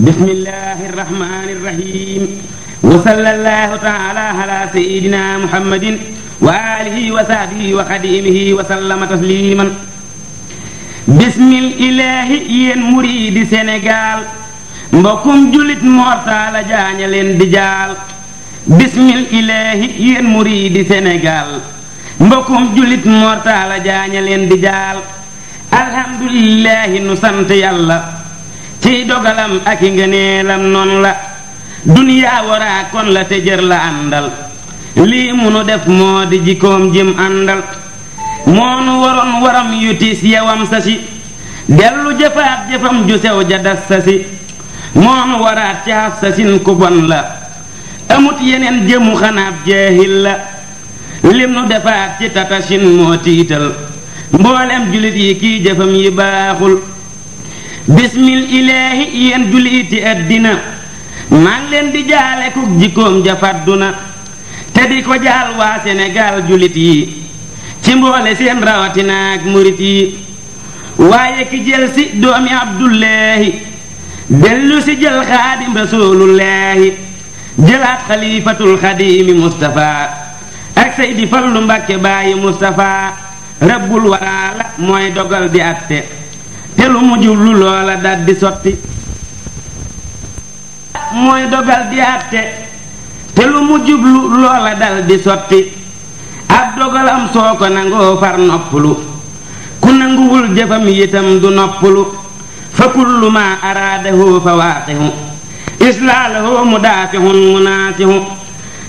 bismillahi irrahmani irrahim wa sallallahu taala ala wa alihi wa sahbihi wa xadimihi wa sallama tasliman bismil ilaahi yéen muriidi sénégal mbokkum julit mortala jaaña di jaal bismil ilaahi yéen muriidi senegal mbokkum julit mortala jaaña di jaal alhamdulillahi nu sant yàlla ciy dogalam ak i ngëneelam noonu la duniyaa waraa kon la te jër la àndal lii munu def moo di jikkoom jim àndal moonu waroon waram yu tiis yewam sa dellu jëfaat jëfam ju sew ja das sa si moonu waraat caaf sa sin ku bon la amut yeneen jëmu xanaab jeexil la lim nu defaat ci tatasin moo tiital mboolem julit yi kii jëfam yi baaxul bismil ilaahi yéen julliiti addina maa ngi leen di jaale ku jikkoom ja fàddu te di ko jaal waa Sénégal jullit yi ci mboole seen rawatina ak murit yi waaye ki jël si doomi Abdullaahi dellu si jël xaadim rasuulullaahi jëlaat xalifatul xadiimi Mustafa ak Seydi Fallu Mbàkke bàyyi Mustafa rabbul waraala mooy dogal di atte te mu jublu loola dal di sotti mooy dogal di àtte te lu mu jublu loola dal sotti ab dogalam soo ko nangoo far noppalu ku nanguwul jëfam yitam du noppalu fa kullu ma araadahu fa waaqihu islaalahu mudaafihun munaasihu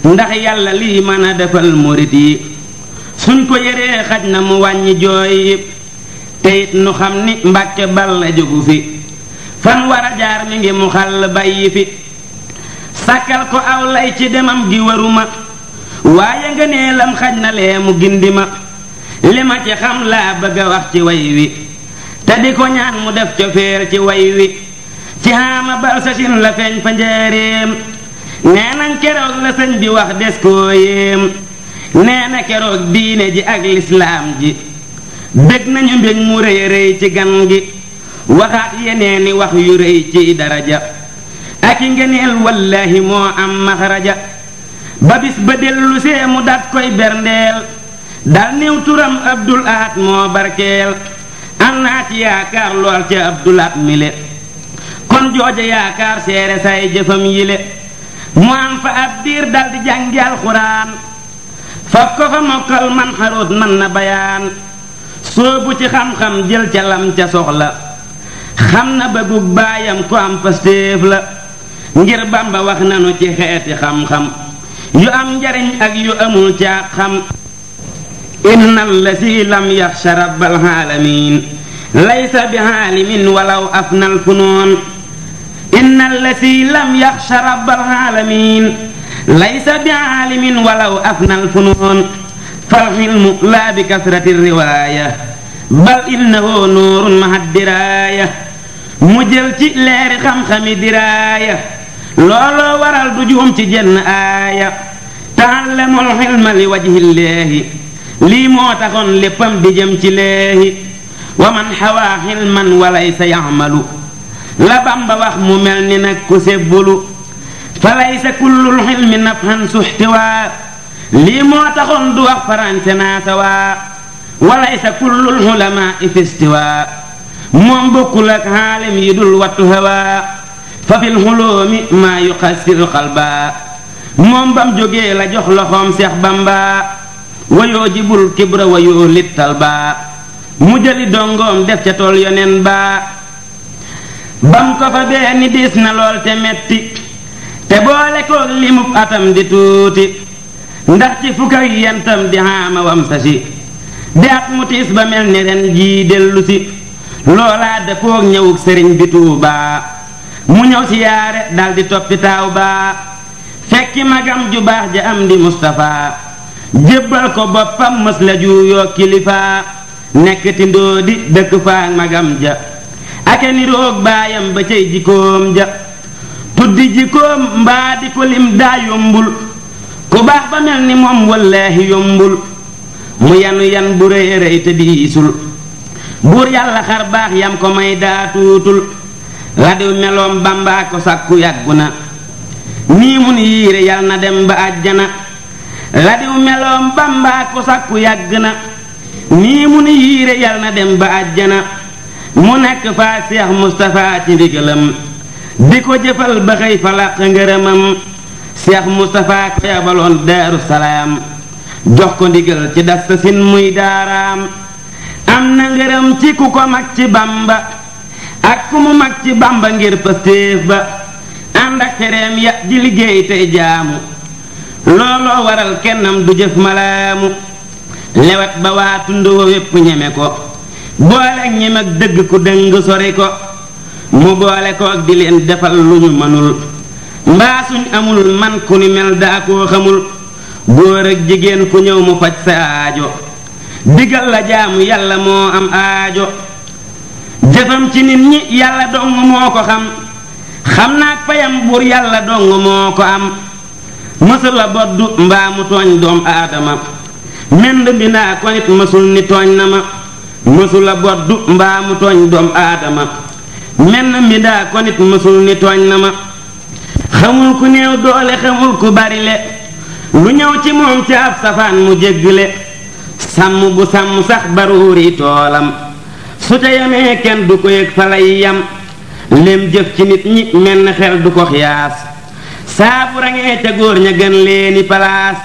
ndax yàlla lii mën a defal murit yi suñ ko yëree xaj na mu wàññi jooy te it nu xam ni mbàkke bal la jógu fi fan war a jaar mi ngi mu xàll bàyyi fi sàkkal ko aw lay ci demam gi waruma waaye nga xaj na lee mu gindi ma li ma ci xam laa bëgg a wax ci way wi te di ko ñaan mu def cofeer ci way wi ci xaama bal sasin la feeñ fa njëreem nee nañ keroog la sëñ bi wax des koo yéem nee na keroog diine ji ak lislaam ji bég nañu mbég mu rëy rëy ci gan gi waxaat yeneeni wax yu rëy ci daraja ak i ngeneel wallaahi moo am maxraja ba bis ba dellu mu dat koy berndeel dal néew turam abdul ahad moo barkeel am naat yaakaar lool ca abdul mile kon jooja yaakaar seere say jëfam yile mu am fa ab diir dal di jàngi alxuraan faf ko fa mokkal man xaroot man na bayaan bu ci xam-xam jël ca lam ca soxla xam na bëggu baayam ku am pastéef la ngir bamba wax nanu ci xeeti xam-xam yu am njariñ ak yu amul ca xam inna allasi lam yaxsha rabbal alamin laysa bi aalimin walaw afna alfunoon inna allasi lam yaxsha فالعلم لا بكثرة الرواية بل إنه نور مع الدراية مجل ci leeri xam-xami diraaya looloo waral du juum ci jenn aaya taallamul xilma li wajhi llaahi lii moo taxoon léppam di jëm ci leehi wa man xawaa xilman walaysa yaxmalu la Bamba wax mu mel ni nag ku sebbulu fa laysa kullul xilmi nafhan suxtiwaa lii moo taxoon du wax faranse naa sawaa wala isa kullul xulamaa ifistiwaa moom bokkul ak xaalim yi dul wattu hawaa fa fil xuloomi maa yuxassir xalbaa moom bam jógee la jox loxoom seex bambaa wayoo jibul kibra wayoo littal baa mu jëli dongoom def ca tool yonen baa bam ko fa bee ni na lool te metti te boole koog limub atam di tuuti ndax ci fukk ak yentam di xaama sa si di at mu tiis ba mel ni ren jii dellu si loolaa dëppook ñëwuk sëriñ bi Tuubaa mu ñëw si yaare daldi toppi ba baa fekki magam ju baax ja am di Mustapha jébbal ko boppam mës la juuyoo kilifaa nekk tindoo di dëkk faa magam ja ake niroog baayam ba cay jikkoom ja tuddi jikkoom mbaa di ko daa yombul ku baax ba mel ni moom wallaahi yombul mu yanu yan bu rëy rëy te diisul buur yàlla xar baax yam ko may daa tuutul radiw meloom bàmbaa ko sàkku yàggu na nii mun yiire yal na dem ba àjjana radiw meloom bàmbaa ko sàkku yàgg na nii mun yiire yal na dem ba àjjana mu nekk faa seex mustafaa ci ndigalam di ko jëfal ba xëy falaq ngërëmam seex Moustapha ko yabaloon daaru jox ko ndigal ci dasta sin muy daaraam am na ngërëm ci ku ko mag ci bamba ak ku mu mag ci bamba ngir pastéef ba ànd ak xereem ya di liggéey tey jaamu looloo waral kennam du jëf malaamu lewet ba waa tundoo wépp ñeme ko boole ak ñem ak dëgg ku dëng sori ko mu boole ko di leen defal lu ñu mënul mbaa suñ amul man ku ni mel daa koo xamul góor ak jigéen ku ñëw mu faj sa aajo digal la jaamu yàlla moo am aajo jëfam ci nit ñi yàlla dong moo ko xam xam naa fayam buur yàlla dong moo ko am mësul la boddu mbaa mu tooñ doom aadama mend bi ko nit mësul ni tooñ na ma mësul la mbaa mu tooñ doom aadama menn mi daa ko nit mësul ni tooñ na ma xamul ku néew doole xamul ku bari le lu ñëw ci moom ci ab safaan mu jéggle sàmm bu sàmm sax baruuri toolam su ca yamee kenn du ko yëg fa lay yam lem jëf ci nit ñi menn xel du ko xiyaas saabu ca góor ña gën leeni palaas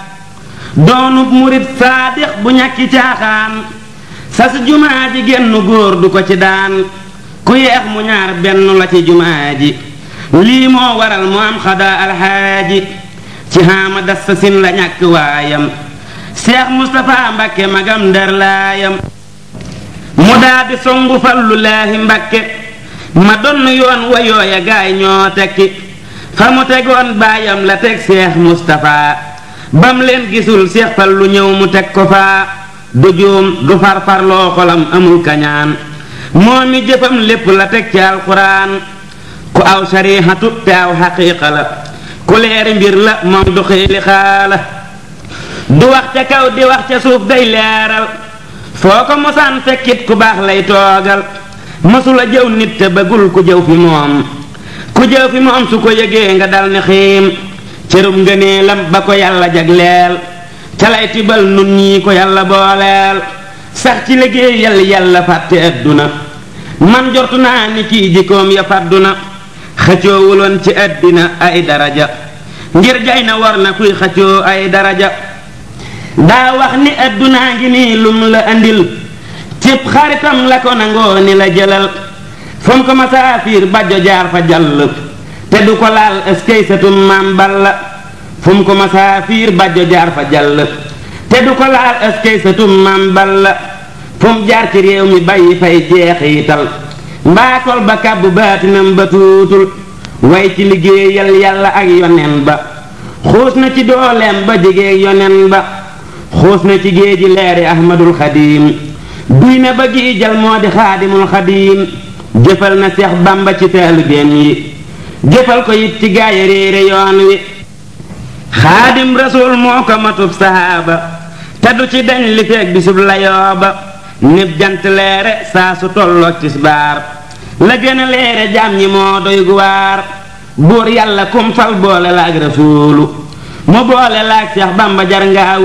doonub murit saadix bu ñàkki caaxaan sa si jumaa ji génn góor du ko ci daan ku yeex mu ñaar benn la ci jumaa ji lii moo waral mu am xadaa alxaaji ci xaama dassa sin la ñàkk waayam seex mustapha mbakke magam ndar laayam mu daa di songu fallu laahi mbakke ma donn yoon wa yooya gaay ñoo tekki fa mu tegoon baayam la teg seex mustapha bam leen gisul seex lu ñëw mu teg ko faa du juum du farfarloo xolam amul kañaan moo mi jëfam lépp la teg ci alxuraan ku aw sarihatu te aw xaqiiqa la ku leeri mbir la moom du xiili xaala du wax ca kaw di wax ca suuf day leeral foo ko mosaan fekkit ku baax lay toogal mësula jëw nit te bëggul ku jëw fi moom ku jëw fi moom su ko yëgee nga dal ne xiim cërum ngëneelam ba ko yàlla jagleel ca lay tibal nun ñii ko yàlla booleel sax ci liggéey yàlla fàtte adduna man jortu naa ni kii jikkoom ya fàddu xëccoowuloon ci àddina ay daraja ngir jay na war na kuy xëccoo ay daraja daa wax ni àddunaa ngi nii lum la andil cib xaritam la ko nangoo ni la jëlal du ko laal ëskey fum ko masaa fiir jaar fa jàll te du ko laal ëskey satum maam balla fum jaar ci réew mi bàyyi fay jeexital mbaatol ba kàbb baatinam ba tuutul way ci liggéeyal yàlla ak yonen ba xuus na ci dooleem ba jege yonen ba xuus na ci géeji leeri ahmadul xadiim duy na ba giijal moo di xaadimul xadiim jëfal na seex bamba ci taalibeem yi jëfal ko it ci gaaya réere yoon wi xaadim rasul moo ko matub sahaaba te du ci dañ li feeg bisub layoo ba nib jant leere saa su tolloog la gën a leere jaam ñi moo doy guwaar buur yàlla kum boole la ak rasuulu mu boole la ak Seex Bamba jar ngaa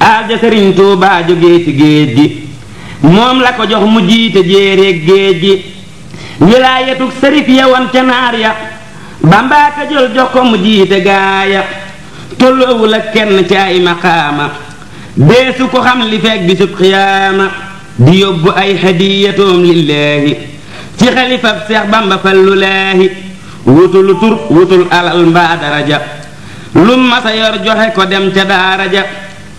alja Sëriñ Tuubaa jógee ci géej gi moom la ko jox mu jiite jéeréeg géej gi wilaayatuk sërif ya woon ca naar ya Bamba ka jël jox ko mu jiite gaaya tolloowul ak kenn ci ay maqaama deesu ko xam li fekk bisub xiyaama di yóbbu ay hadiyatoom lillaahi ci xalifab seex bamba fallu laahi wutul tur wutul alal mbaa daraja lum masa yor joxe ko dem ca daara ja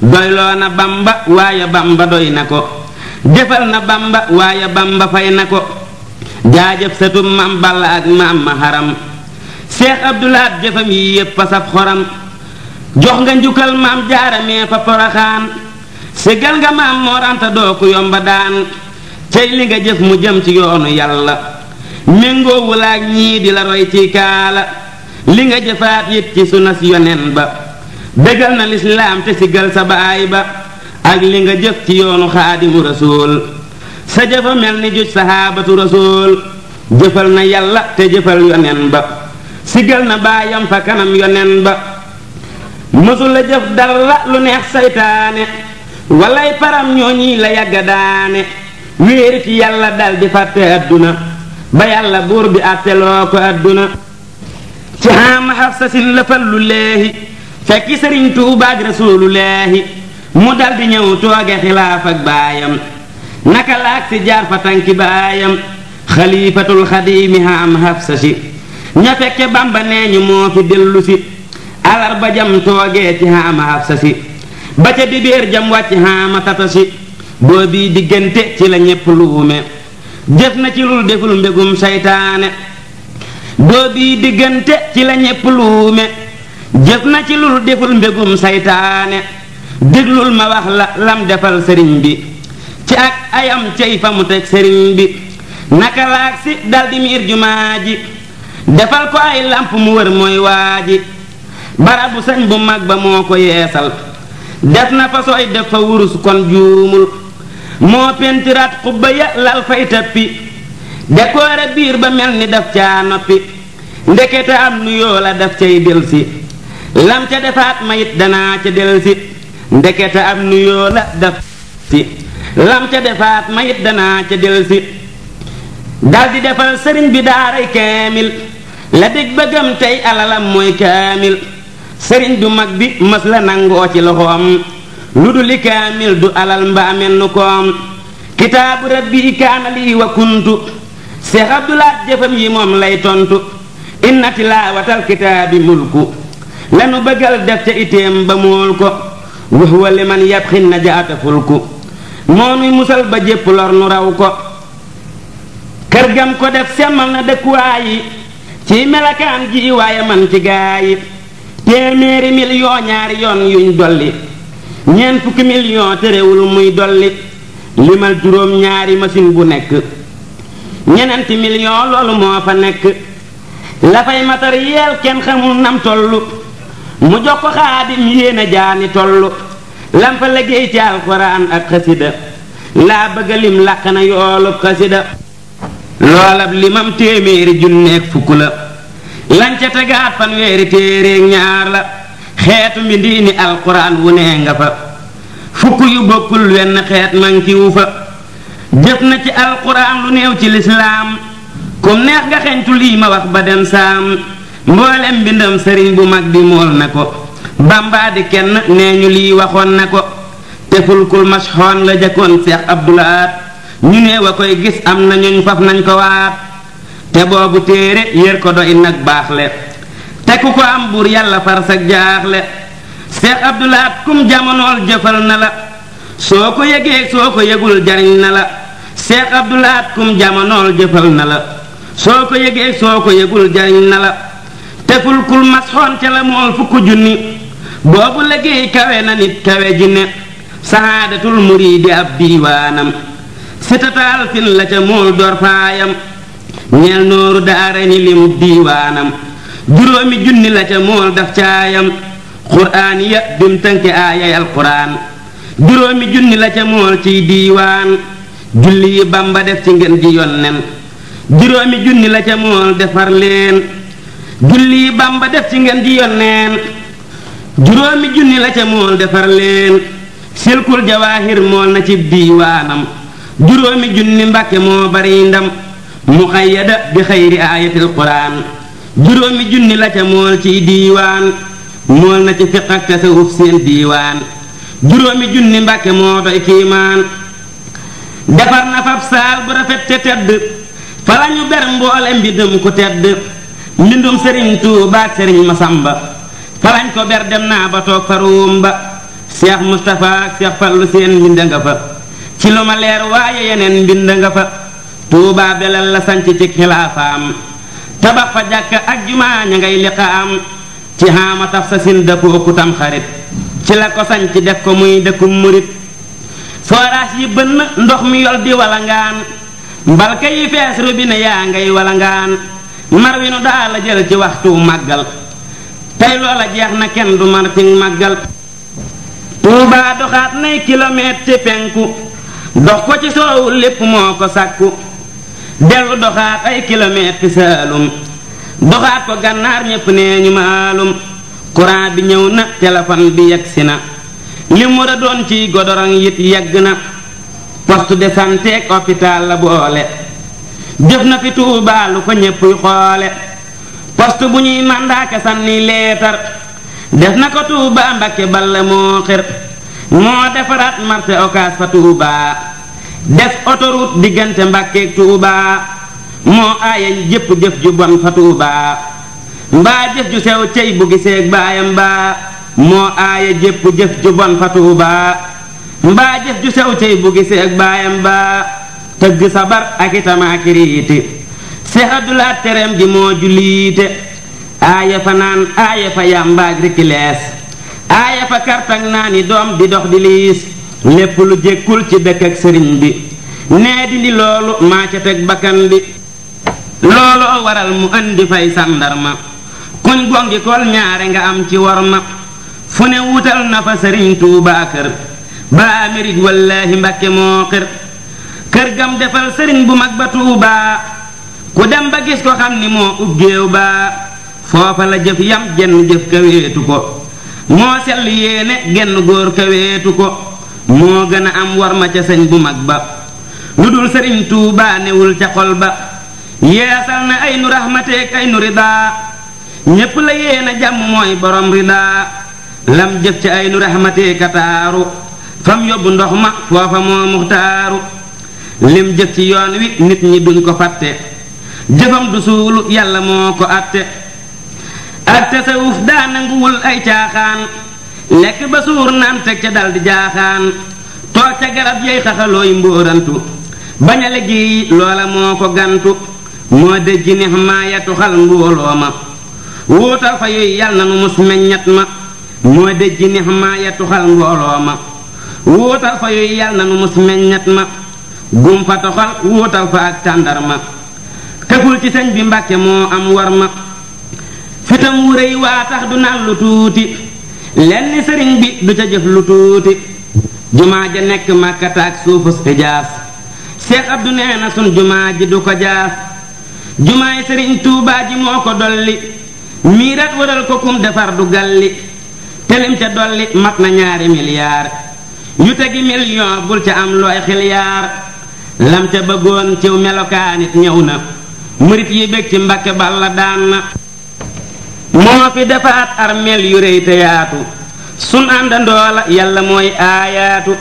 doyloo na bamba waaye bamba doy na ko jëfal na bamba waaye bamba fay na ko jaajëf satum mam balla ak maam ma haram seex abdulaat jëfam yi yépp a saf xoram jox nga njukkal maam jaaramee fa poroxaan ségal nga maam mooranta doo ku yomba daan tey li nga jëf mu jëm ci yoonu yàlla méngoowulaak ñii di la roy ci kaala li nga jëfaat it ci sunas yonen ba bégal na lislaam te sigal sa baay ba ak li nga jëf ci yoonu xaadimu rasuul sa jëfa mel ni juj sahaabatu rasuul jëfal na yàlla te jëfal yonen ba sigal na baayam fa kanam yonen ba mësula jëf dara lu neex saytaane walay param ñoo ñii la yàgga daane wéer ci yàlla dal di fàtte adduna ba yàlla buur bi àtteloo ko adduna ci xaama xafsasin la fallu leehi fekki sëriñ tuubaa ak mu dal di ñëw tooge xilaaf ak baayam naka laak si jaar fa tànki baayam xalifatul xadiimi xaam xafsa si ña fekke bamba nee ñu moo fi si alar ba jam toogee ci xaama xafsa si ba ca dibéer jam wàcc xaama tata si boo bii diggante ci la ñépp luume jëf na ci lul deful mbégum saytaane boo bii diggante ci la ñépp luume jëf na ci lul deful mbégum saytaane déglul ma wax la lam defal sëriñ bi ci ak ayam cey fa mu teg sëriñ bi naka laag si daldi miir jumaa ji defal ko ay lamp mu wër mooy waa ji barabu sañ bu mag ba moo ko yeesal def na fa sooy def fa wurus kon juumul moo pentiraat xubba ya lal fay tappi décorer biir ba mel ni def ca noppi ndekete am nu yoo cay delsi lam ca defaat mayit danaa ca delsi ndekete am nu yoo la lam ca defaat mayit danaa ca delsi daldi defal sëriñ bi daaray kaamil la dég bëggam tey alalam mooy kaamil sëriñ du mag bi mës la nangoo ci loxoom lu dul li kaamil du alal mbaa mel nu koom kitaabu rabbi kaana lii wa kuntu seex abdulaat jëfam yi moom lay tontu inna tilaawatal kitaabi mulku lanu bëggal def ca itéem ba mool ko wax wali man yabxi najaata fulku moo nuy musal ba jépp lor nu raw ko kër gam ko def semmal na dëkkuwaay yi ci melakaan ji waaye man ci gaa téeméeri mil yoo ñaari yoon yuñ dolli ñeent fukki million terewul muy dolli limal juróom ñaari machine bu nekk ñenenti million loolu moo fa nekk la fay matériel kenn xamul nam toll mu jox ko xaadim yéen a jaani toll lam fa liggéey ci alxuraan ak xasida laa bëgga lim làq na yoolub xasida loolab limam téeméeri junneeg fukk la lañ ca tegaat fanweeri téeréeg ñaar la xeetu mbi ndiini alquran wu nee nga fa fukk yu bokkul wenn xeet manki wu fa jëf na ci alquran lu néew ci lislaam kum neex nga xeñtu lii ma wax ba dem saam mboolem mbindam sëriñ bu mag bi mool na ko bamba kenn nee ñu lii waxoon na ko te fulkul mashoon la jëkkoon seex abdulaat ñu néew a koy gis am na ñuñ faf nañ ko waat te boobu téere yër ko doy nag baax le te ku ko am buur yàlla far sa jaaxle Seex Abdulaat kum jamonool jëfal na la soo ko yëgee sooko ko yëgul jariñ na la Seex Abdulaat kum jamonool jëfal na la soo ko yëgee sooko ko yëgul jariñ na la teful kul masxoon ca la mool fukk junni boobu liggéey kawe na nit kawe ji ne sahaadatul muriidi ab diiwaanam sitataal fin la ca mool dor faayam ñeel nooru daara ni limu diiwaanam juróomi junni la ca mool daf caayam quraan ya bim tënke aayay alquraan juróomi junni la ca mool ciy diiwaan julli bamba def ci ngeen ji yonnen juróomi junni la ca mool defar leen julli yi bamba def ci ngeen ji yonneen juróomi junni la ca mool defar leen silkul jawaahir mool na ci diiwaanam juróomi junni mbàkke moo bari muqayyada bi xayri aayatil quraan juróomi junni la ca mool ciy diiwaan mool na ci fiq ak tasawuf seen diiwaan juróomi junni mbàkke moo doy kiimaan defar na fab saal bu rafet te tedd fa ñu ber mboole mbindum ku tedd mbindum sëriñ Tuubaa ak sëriñ Masamba fa ko ber dem naa ba toog faruum ba Cheikh Moustapha ak Cheikh Fallu seen mbind nga fa ci lu ma leer waaye yeneen mbind nga fa Tuubaa belal la sanc ci xilaafaam tabax fa jàkk ak jumaa ña ngay liqaam ci xaama sa sin dëppoo ku ci la ko sañ ci def ko muy dëkkum murit forage yi bënn ndox mi yol di walangaan mbalka yi fees robinet yaa ngay walangaan mar wi nu daa la jël ci waxtu màggal tey loola jeex na kenn du mar ci màggal tuubaa doxaat nay kilomètre ci penku dox ko ci soowu lépp moo ko sàkku dellu doxaat ay kilomètres ci doxaat ko gànnaar ñépp nee ñu maalum courant bi ñëw na téléphone bi yegg si na li mu war a doon ciy godorong it yegg na poste de santé ak hôpital la boole jëf na fi Tuubaa lu ko ñéppuy xoole poste bu ñuy màndaake sànni leetar def na ko Tuubaa Mbakke Balla moo xir moo defaraat marché Ocass fa Tuubaa def autoroute diggante Mbàkke Tuubaa moo aaye jëpp jëf ju bon fa Tuubaa mbaa jëf ju sew cey bu giseeg baayam ba moo aaye jëpp jëf ju bon fa Tuubaa mbaa jëf ju sew cey bu giseeg baayam baa tëgg sabar ak itamaa tereem ji moo juliite aaye fa naan aaye fa yàmbaag rikkilees aaye fa kartang naa ni doom di dox di lépp lu jékkul ci bekk ak sëriñ bi nee dindi loolu maa ca teg bakkan bi looloo waral mu indi fay sàndarma kuñ gongi ñaare nga am ci war ma fu ne wutal na fa sëriñ tuubaa kër ba Amérique wallaahi mbakke moo xër kër gam defal sëriñ bu mag ba tuubaa ku dem ba gis ko xam ni moo uggéew baa foofa la jëf yam genn jëf kaweetu ko moo sell yéene genn góor kaweetu ko moo gën a am war ma ca sëñ bu mag ba lu dul sëriñ tuubaa newul ca xol ba yeesal na ay nu raxmateek ay nu ridaa ñépp la yéena jàmm mooy borom ridaa lam jëf ca ay nu raxmateeka taaru fam yóbbu ndox ma foofa moo muxtaaru lim jëf ci yoon wi nit ñi duñ ko fàtte jëfam du suulu yàlla moo ko àtte ak tasawuf daa nanguwul ay caaxaan lekk ba suur naan teg ca dal di jaaxaan toog ca garab yey xaxalooy mbóorantu bañ a liggéey loola moo ko gantu moo dëjji neex maa ya tuxal ma wuutal fa yuy yal na nu mus meññat ma maa ya tuxal mbooloo ma wuutal fa yuy yal na nu mus meññat ma gum fa toxal wuutal fa ak tàndar ma këful ci sëñ bi mbàkke moo am war ma fitam wu rëy waa tax du naan lu tuuti lenn sëriñ bi du ca jëf lu tuuti jumaa ja nekk màkkata ak suufus xijaas seex abdu nee na sun jumaa ji du ko jaas jumaay sëriñ tuubaa ji moo ko dolli miirat waral ko kum defar du galli telim ca dolli mat na ñaari miliyaar yu tegi million bul ca am looy xilyaar lam ca bëggoon ciw melokaanit ñëw na murit yi bég ci mbakke balla daan na moo fi defaat armeel yu rëy te yaatu sun àndandoo la yàlla mooy aayaatu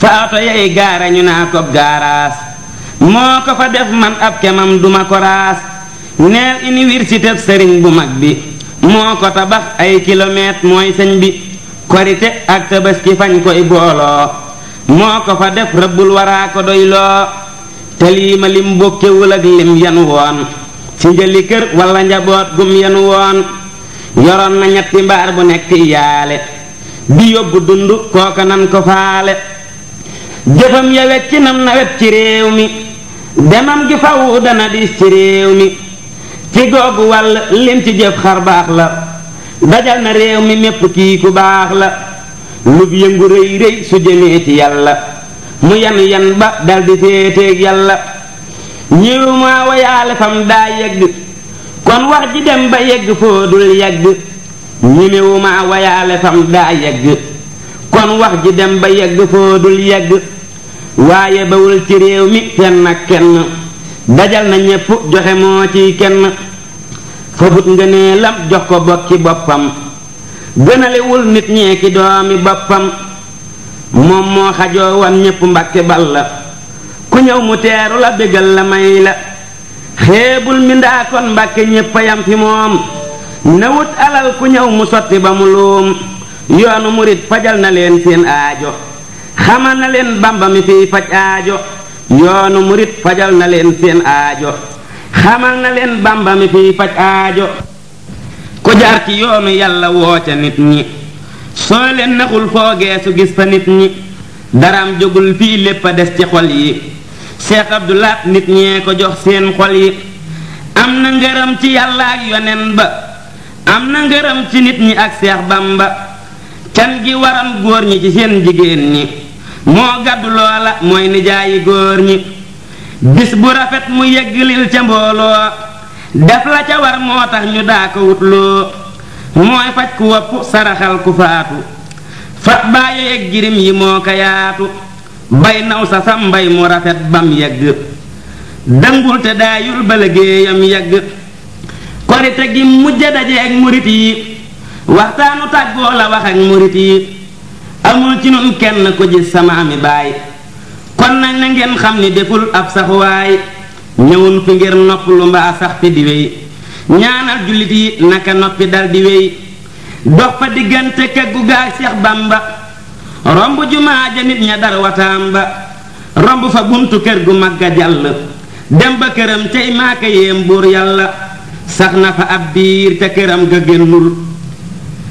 fa oto yay gaara ñu naa ko gaaraas moo ko fa def man ab kemam duma ko raas neel université sëriñ bu mag bi moo ko tabax ay kilomètre mooy sëñ bi korite ak tabaski fañ koy booloo moo ko fa def rëbbul waraa ko doyloo te bokkewul ak lim yan woon ci njëli kër walla njaboot gum yan woon yoroon na ñetti mbaar bu nekk yaale bi yóbbu dund kooka nan ko faale jëfam ya wet ci nam na wet ci réew mi demam gi fawu dana diis ci réew mi ci googu wàll lim ci jëf xar baax la dajal na réew mi mépp kii ku baax la lub yëngu rëy rëy su jëmee ci yàlla mu yan yan ba daldi féeteeg yàlla ñiw maa wayaale fam daa yegg kon wax ji dem ba yegg foo dul yegg ñemewuma wayaale fam daa yegg kon wax ji dem ba yegg foo yegg waaye bawul ci réew mi fenn ak kenn dajal na ñépp joxe moo ciy kenn fafut nga nee lam jox ko bokki boppam gënalewul nit ñee ki doomi boppam moom moo xajoo wan ñépp mbàkke bal la ku ñëw mu teeru la bégal la may la xeebul mi ndaa kon mbàkke ñépp a yam fi moom na alal ku ñëw mu sotti ba mu luum yoonu murit fajal na leen aajo xamal na leen bamba mi aajo yoonu murit fajal na leen seen aajo xamal na leen bamba mi fiy faj aajo ku jaar ci yoonu yàlla woo nit ñi soo leen naxul foo gis fa nit ñi daram jógul fii lépp a des ci xol yi Cheikh Abdoulaat nit ñee ko jox seen xol yi am na ngërëm ci yàlla ak yonen ba am na ngërëm ci nit ñi ak Seex Bamba can gi waram góor ñi ci seen jigéen ñi moo gàddu loola mooy nijaayi góor ñi bis bu rafet mu yëgglil ca mbooloo def la ca war moo tax ñu daa ko wutloo mooy faj ku wopp saraxal ku faatu fat baayo jirim yi moo ko mbay naw sa sa mbay mu rafet bam yegg dangul te daayul ba liggéeyam yegg korite gi mujj ak murit yi waxtaanu tàggoo la wax ak murit yi amul ci nun kenn ku gis sama ami baay kon nag na ngeen xam ni deful ab saxuwaay ñëwun fi ngir nopp lu mbaa sax fi di wéy ñaanal jullit yi naka noppi dal di wéy dox fa diggante keggu gaay Seex Bamba romb jumaa ja nit ña dar wataam ba romb fa bunt kër gu mag ga jàll dem ba këram tey maaka yéem buur yàlla sax na fa ab biir ca këram ga génnul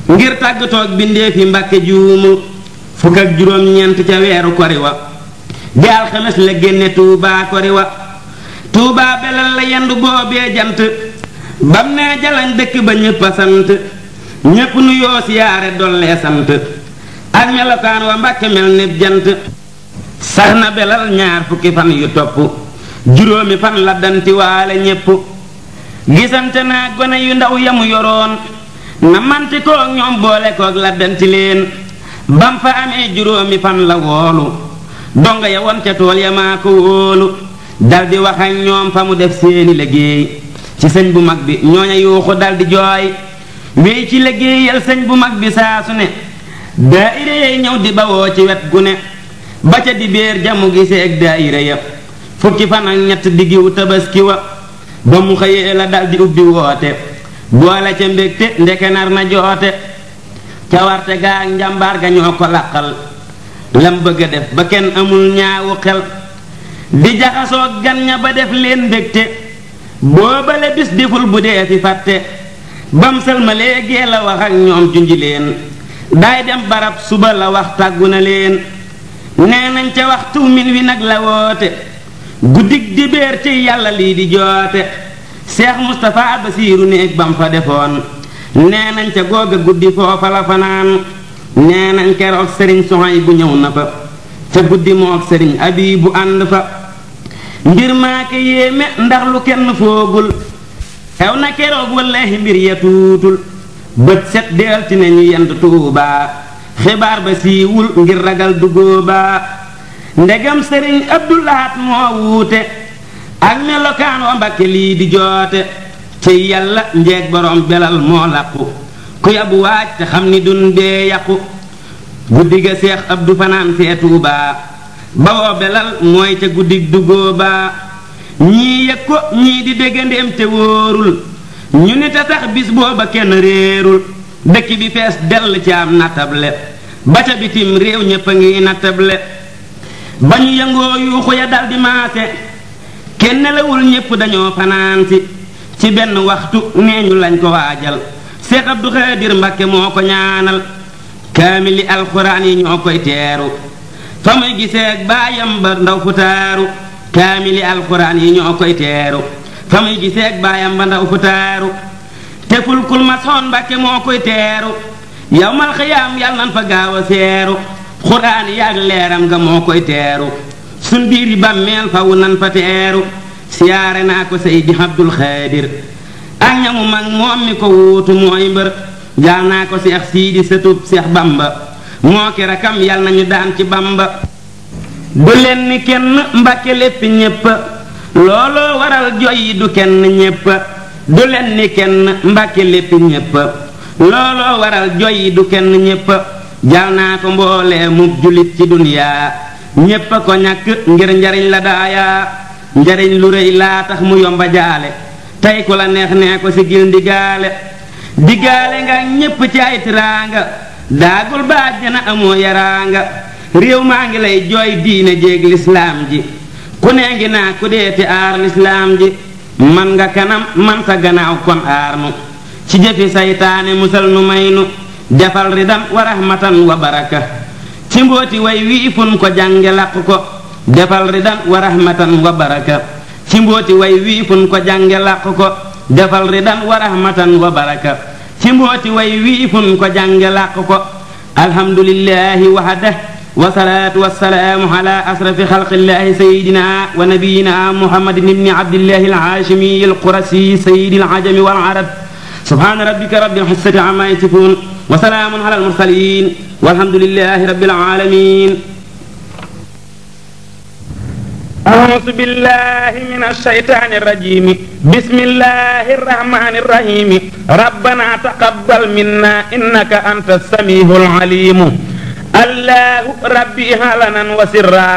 ngir tàggatoog bindéefi mbàkke juumu fukk ak juróom-ñeent ca weeru kori wa di la génne tuubaa kori tuubaa belal la yendu boobee jant bam nee jalañ dëkk ba ñëpp a sant ñépp nu yoo siyaare dollee sant ak melokaan wa mbàkke mel ni jant sax na belal ñaar fukki fan yu topp juróomi fan la danti waale ñépp gisante naa gone yu ndaw yamu yoroon na manti koog ñoom boole koog la danti leen bam fa amee juróomi fan la woolu donga ya won tool ya maa ko wóolu daldi wax ak ñoom fa mu def seeni liggéey ci sëñ bu mag bi ñooña yuuxu daldi jooy wéy ci liggéeyal sëñ bu mag bi saa ne daayira yay ñëw di bawoo ci wet gu ne ba ca dibéer jamu gisee ak daayira ya fukki fan ak ñett diggiwu tabaski wa ba mu xëyee la dal ubbi woote boole ca mbégte ndeke nar na joote cawarte gaa ak njàmbaar ga ñoo ko làqal lam bëgg a def ba kenn amul ñaawu xel di jaxasoo gan ña ba def leen mbégte boobale bis deful bu dee fi fàtte bam sëlmalee gee la wax ak ñoom junji leen day dem barab suba la wax tàggu na leen nee nañ ca waxtu min wi nag la woote guddig dibéer ci yàlla lii di joote seex mustapha basiiru néeg bam fa defoon nee nañ ca googa guddi foofa la fanaan nee keroog sëriñ soxay bu ñëw na fa ca guddi moog sëriñ abii bu ànd fa mbir maake yéeme ndax lu kenn foogul xew na keroog wallaahi mbir ya tuutul bët set di altine ñu yent tuubaa xibaar ba siiwul ngir ragal dugóobaa ndegam sëriñ abdulahat moo wuute ak melokaan wa lii di joote ci yàlla njeeg borom belal moo làqu ku yabu waaj te xam ni dun dee yàqu guddi ga seex abdu fanaan fee tuubaa bawoo belal mooy ca guddig dugóobaa ñii yëg ko ñii di déggandeem te wóorul ñu ni te sax bis booba kenn réerul dëkk bi fees dell ci am natable ba ca bitim réew ñépp a ngi natable ba ñu yëngoo yuuxu ya dal di maase kenn lawul ñépp dañoo fanaansi ci benn waxtu nee ñu lañ ko waajal Seex Abdu Xaadir Mbakke moo ko ñaanal kaamili alxuraan yi ñoo koy teeru fa muy gisee ak baayam ba ndaw fu taaru kaamili alxuraan yi ñoo koy teeru fa muy giseeg baayam ba ndaw ku taaru mbàkke moo koy teeru yow mal yal nan fa gaaw a seeru xuraan yaag leeram ga moo koy teeru sun biir yi bàmmeel fawu nan fa teeru siyaare naa ko Seydi Abdul Xaadir ak ñamu mag moom mi ko wuutu mooy mbër jaal naa ko seex siidi sëtub seex bamba moo ki rakam yal nañu daan ci bamba du leen kenn mbàkke lépp ñéppa looloo waral joy du kenn ñépp du len ni kenn mbàkke lépp ñépp looloo waral joy du kenn ñépp jal naa ko mboolee mu julit ci duniyaa ñépp a ko ñàkk ngir njariñ la daaya njariñ lu rëy laa tax mu yomba jaale tey ko la neex nee ko si gil ndigaale diggaale nga ñépp ci ay tiraanga ba baaj na amoo yaraanga réew maa ngi lay jooy diine jéeg lislaam ji ku nee ngi naa ku deeti aar lislaam ji man nga kanam man sa gannaaw kon aar nu ci jëfi saytaane musal nu may nu defal ridam wa rahmatan wa baraka ci mbooti way wii fun ko jànge laq ko defal ridan wa rahmatan wa baraka ci mbooti way wii ko jànge laq ko defal ridan wa rahmatan wa baraka ci mbooti way wii fun ko jànge laq ko alhamdulillahi wahda wasalaatu wasalaamu ala asrafi xalqillahi sayidina wa nabiyina muhammadin ibni abdillahi alhaashimi alqurasi sayidi alajami wal arab subhaana rabbika rabbil izzati amma yasifun wa salaamun ala almursalin walhamdulillahi rabbil alamin أعوذ بالله من الشيطان الرجيم بسم الله الرحمن الرحيم ربنا تقبل منا إنك أنت السميع العليم allahu rabbi halanan wa sirra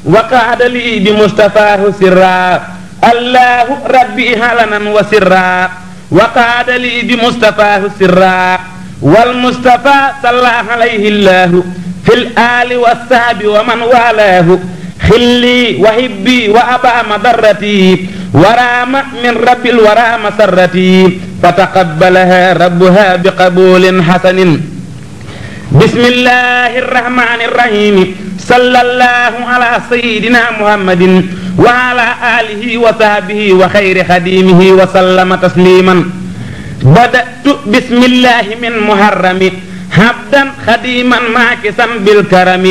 wa qaadali bi mustafaahu sirra allahu rabbi halanan wa sirra wa qaadali bi mustafaahu sirra wal mustafa salla alayhi llahu fil aali wa saabi wa man walaahu xilli wa hibbi wa abaama darrati waraama min rabbil waraama sarrati fa taqabbalaha rabbuha bi qabulin xasanin بسم الله الرحمن الرحيم صلى الله على سيدنا محمد وعلى آله وصحبه وخير خديمه وسلم تسليما بدأت بسم الله من محرم عبدا خديما معكسا بالكرم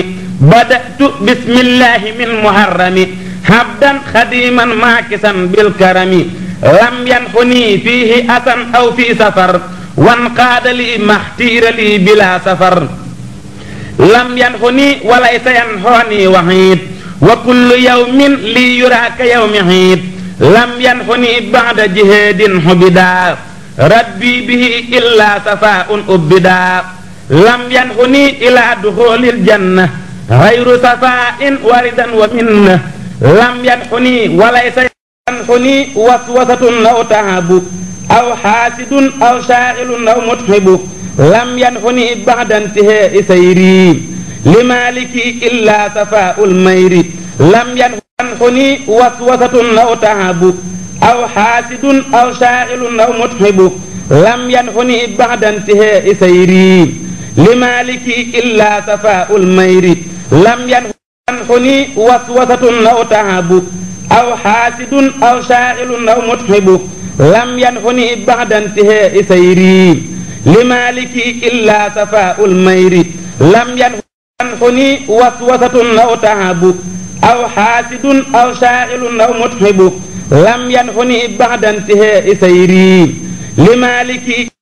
بدأت بسم الله من محرم عبدا خديما معكسا بالكرم لم ينحني فيه أسا أو في سفر wan qaadali maxtiirali bila safar lam yan xu ni walaysa yan xooni waxiit wa kullu yawmin li yuraaka yawmi xiit lam yan xu ni bada jihaadin xubida rabbi bihi illa safaun ubbida lam yan xu ni ila duxulil janna xayru safain waridan wa minna lam yan xu ni walaysa yan xu ni waswasatun law tahabu aw xaasidun aw shaailun aw mutxibu lam yanxuni baxdantihee isayri li maliki illa safaa'ul mayri lam yanxuni waswasatun aw tahabu aw xaasidun aw shaailun aw mutxibu lam yanxuni baxdantihee isayri li maliki illa safaa'ul mayri lam yanxuni waswasatun aw tahabu aw xaasidun aw shaailun aw mutxibu lam yanfuni baxdantihe isayri li maliki illa safaul mayri lam yanfuni waswasatun aw tahabu aw xaasidun aw shaailun aw muthibu lam yanfuni baxdantihe isayri li maliki